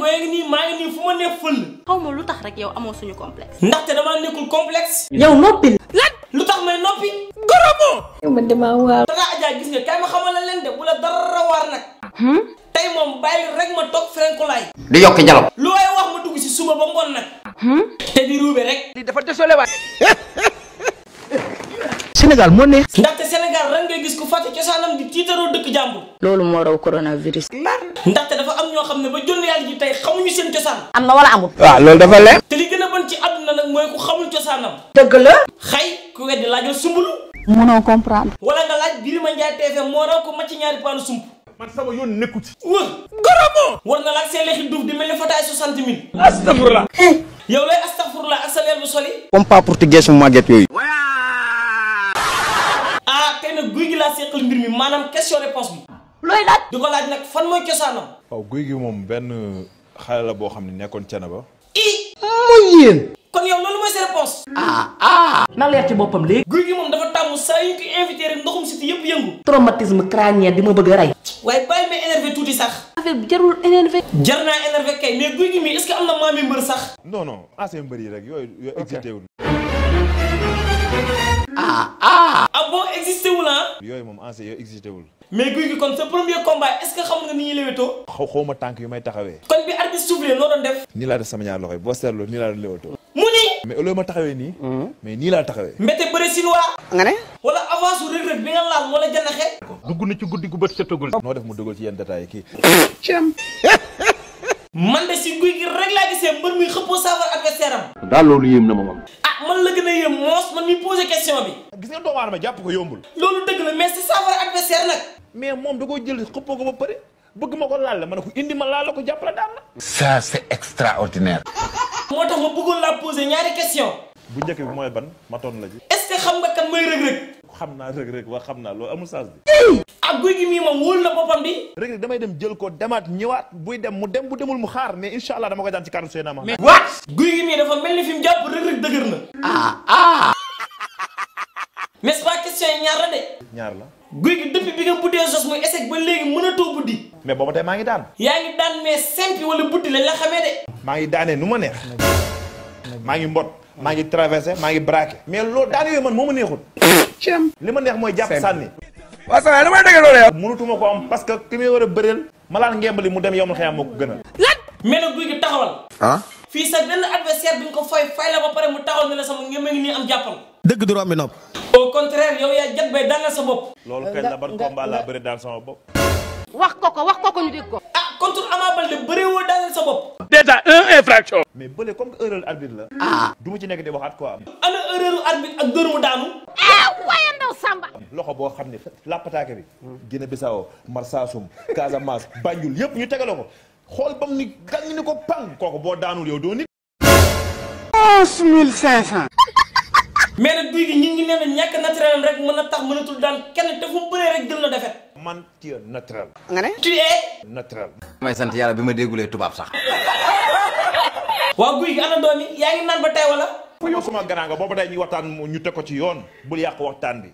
maa ngi nii maa ngi nii fu ma ne fël. xaw ma lu tax rek yow amoon suñu complexe. ndaxte damaa nekkul complexe. yow noppi lan lu tax may noppi. gorobo. yow man damaa waar. dara Adja gis nga kay ma xamal la leen de bu la dara waar nag. Hmm? tey moom bàyyi rek ma toog ferenkulaay. di yokk jalaw. lu waay wax ma dugg si suba ba ngoon nag. Hmm? te di ruube rek. dafa désolé waay. Sénégal moo neex. gis ku fàtte cosaanam di tiitaroo dëkk jàmbur. loolu moo raw coronavirus. ndaxte dafa am ñoo xam ne ba jonn yàlla ji tey xamuñu seen cosaan. am na wala amul. waaw loolu dafa leer. te li gën a bon ci àdduna nag mooy ku xamul cosaanam. dëgg la. xay ku weddi laajal sumbulu. mënoo comprendre. wala nga laaj Birima Ndiaye TFM moo raw ko macc ñaari paanu sump. man sama yoon nekku ci. wër garabu. war na laaj seen lexi duuf di mel ni fataay soixante mille. astafurla. sa leer bu soli. comme pas ko mbir mi maanaam question réponse bi. looy laaj. di ko laaj nag fan mooy cosaanam. waaw guy gi moom benn xale la boo xam ne nekkoon cene ba. i muy yéen. kon yow loolu mooy sa réponse. Ah, ah. na leer ci boppam léegi. guy gi moom dafa tàmm saa yu ñu ko invité rek ndoxum siti yëngu. traumatisme crânien di ma bëgg a rey. waaye bàyyi ma énervé tuuti sax. jarul énervé. jar naa énervé kay mais guy gi mi est que am na maam mbër sax. non non mbër yi rek yooyu yooyu excité wul. ah, ah. yooyu moom en yooyu existé wul. mais guy gi kon sa premier combat est ce que xam nga ni ñuy léwétoo. xaw xaw ma tànk yu may taxawee. kon bi artiste soufflé noo doon def. nii laa def sama ñaar loxo yi boo seetloo nii laa doon mais loolu ma taxawee nii. Hmm? mais nii laa taxawee. mbete bëre sinuwaa. nga ne. wala avance ci guddi gu bët setagul. noo def mu dugal ci yenn détails kii. cem. man de si guy gi rek laa gisee mbër muy xëppoo saafara adversaire am. daal loolu yéem na ma moom man la gën a yëm moos man mi posé question bi. gis nga doomu ma jàpp ko yombul. loolu dëgg na mais sa saafara adversaire nag. mais moom da ko jël xuppoo ko ba pare bëgg ma ko laal la ma ne ko indi ma laal la ko jàppale daal la. ça c'est extraordinaire. moo tax ma bëggoon laa posé ñaari question bu njëkk bi mooy ban ma toon la ji. xam nga kan mooy rëg-rëg. xam naa rëg-rëg waa xam naa loolu amul sens bi. ak ah, guy gi mii moom wóolu na boppam bi. rëg-rëg damay dem jël ko demaat ñëwaat buy dem mu dem bu demul mu xaar mais incha allah dama ko daan ci kàddu seen ama. mais waat guy gi mii fi mu jàpp rëg ah, ah. ñaar la de. ñaar la. guy gi depuis bi nga buddee sos muy échec ba léegi mënatoo buddi. mais booba tey maa ngi daan. yaa ngi daan mais simple wala buddi lañ la xamee de. maa ngi daanee nu ma neex. maa ngi mbot maa ngi traversé maa ngi braqué mais loolu daan yooyu man moo ma neexul ci am li ma neex mooy jàpp sànni waaw sa waay damay dégg loolu yow mënutuma ko am parce que ki muy war a bëreel ngembali mu dem yow ma xëyaam moo ko gën lan guy taxawal ah fii sa benn adversaire bi nga ko fay fay la ba pare mu taxaw ne la sama ngémba ngi nii am jàppal dëgg du rombi nopp au contraire yow yaa jag bay daan sa bopp loolu kañ la ban combat laa bëri daal sama bopp wax ko ko wax ko ko ñu dégg ko constat mais bële comme que erreur arbitre la. ah ci nekk di waxaat quoi. ana erreur arbitre ak dóor mu daanu. Eh, waaye ndaw Samba. loxo boo xam ne lappataake bi. Guinée Bissau Marsassoum Casamance Banjul yëpp ñu tegale ko xool bam ni gàng ni ko pang kooku boo daanul yow doo nit. onze mille mais nag guy gi ñi ngi nee na naturel rek mën na tax mënatul daan kenn te fu bëree rek jël na defet man tu es naturel. nga ne. tu es. naturel. may sant yàlla bi ma déggulee tubaab sax. waaw guy gi ana doom yi yaa ngi ba tey wala. fa yow sama garaanga boobu tey ñu waxtaan ñu teg ko ci yoon bul yàq waxtaan bi.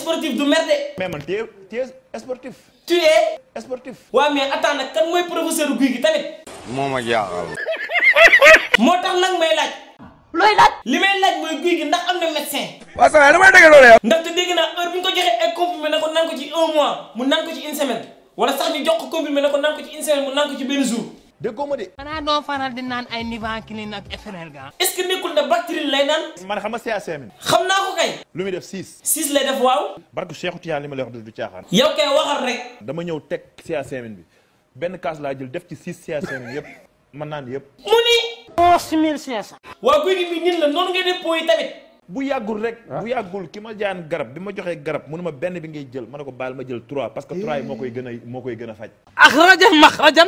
sportif du merde. mais man tu es sportif. tu es. sportif. waaw mais attends nag kan mooy professeur guy gi tamit. moo ma jaaxal. moo tax nag may laaj. looy laaj. li may laaj mooy guy gi ndax am na médecin. waaw ça va damay dégg loolu yow. ndaxte dégg naa heure bu ko joxee ay comprimé na ko nan ci un mois mu nan ci une semaine. wala sax ñu jox ko comprimé ne ko naan ko ci une mu naan ko ci benn jour. déggoo ma de. xanaa doo faral di naan ay Nivaquine ak FNL ga. est-ce que nekkul ne bactérie lay naan. man xam nga CACM. xam naa ko kay. lu muy def 6. 6 lay def waaw. barke Cheikh Tidiane li ma lay wax du caaxaan. yow kay waxal rek. dama ñëw teg CACM bi benn kaas laa jël def ci 6 CACM yëpp mën naan yëpp. mu ni. 11500. waa guy gi bi ñun la noonu nga def po bu yàggul rek ah. bu yàggul ki ma jaan garab bi ma joxee garab mu ma benn bi ngay jël ma ne ko baal ma jël trois parce que trois yi moo koy gën a moo koy gën a faj axrajan maxrajan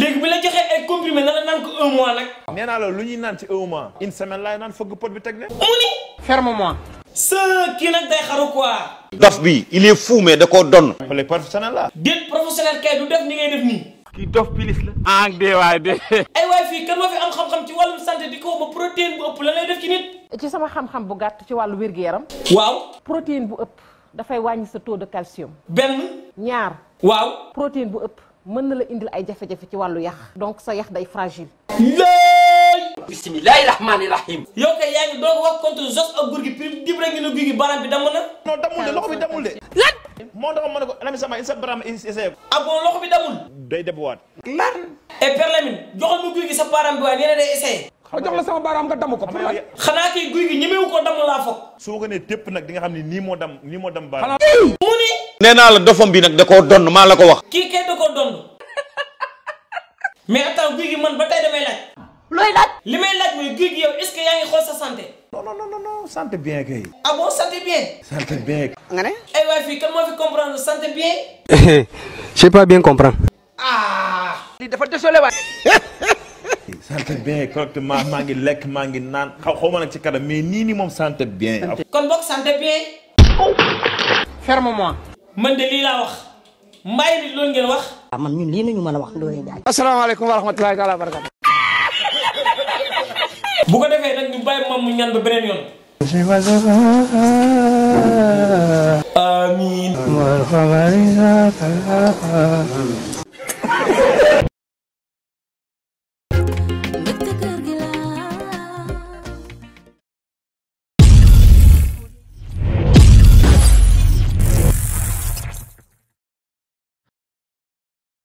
léegi bi la joxee ay comprimé na la naan ko un mois nag la lu ñuy naan ci un mois une semaine laay naan fëgg pot bi teg ne mu ni sa kii nag day xaru quoi dof bi il est fou da koo donn professionnel la déet professionnel kay du def ni ngay def nii kii dof pilis la. ah dee waay dee. ay waay fii kan ma fi am xam-xam ci wàllum santé di ko ba protéine bu ëpp la lay def ci nit. ci sama xam-xam bu gàtt ci wàllu wér-gu-yaram. waaw. protéine bu ëpp dafay wàññi sa taux de calcium. benn. ñaar. waaw. protéine bu ëpp mën na la indil ay jafe-jafe ci wàllu yax. donc sa yax day fragile. bismillaahi rahmaani rahiim. yow yaa ngi doon wax contre jos ak góor gi prix dib rek ngi ne gi baaraam bi damm na. non moo tax ma ne ko Lamine Samba il sa baram essayé ko. ah bi damul. day debbuwaat. lan. et eh, Père Lamine joxal ma guy sa baram bi waaye nee na day essayé. ma jox la sama baaraam nga damm ko xanaa kii guy gi ñemewu ko damm laa soo ko nee tépp nag di nga xam ni nii moo dam nii moo dam baaraam. nee naa la dofam bi nag da koo donn maa la ko wax. kii kay koo mais attends gi man ba tey li may laaj mooy ce que yaa ngi xool sa santé. non non non non non, santé bien ah bon santé bien. santé bien. Eh ne. comment vous comprendre santé bien. je sais pas bien comprendre. ah. te santé bien correctement maa ngi lekk maa Comment xaw xaw ma mais santé bien. kon santé bien. ferme-moi. man de lii laa wax. mbaay Je Je wa wa bu ko defee nag ñu bàyyi moom mu ñaan ba beneen yoon. amiin.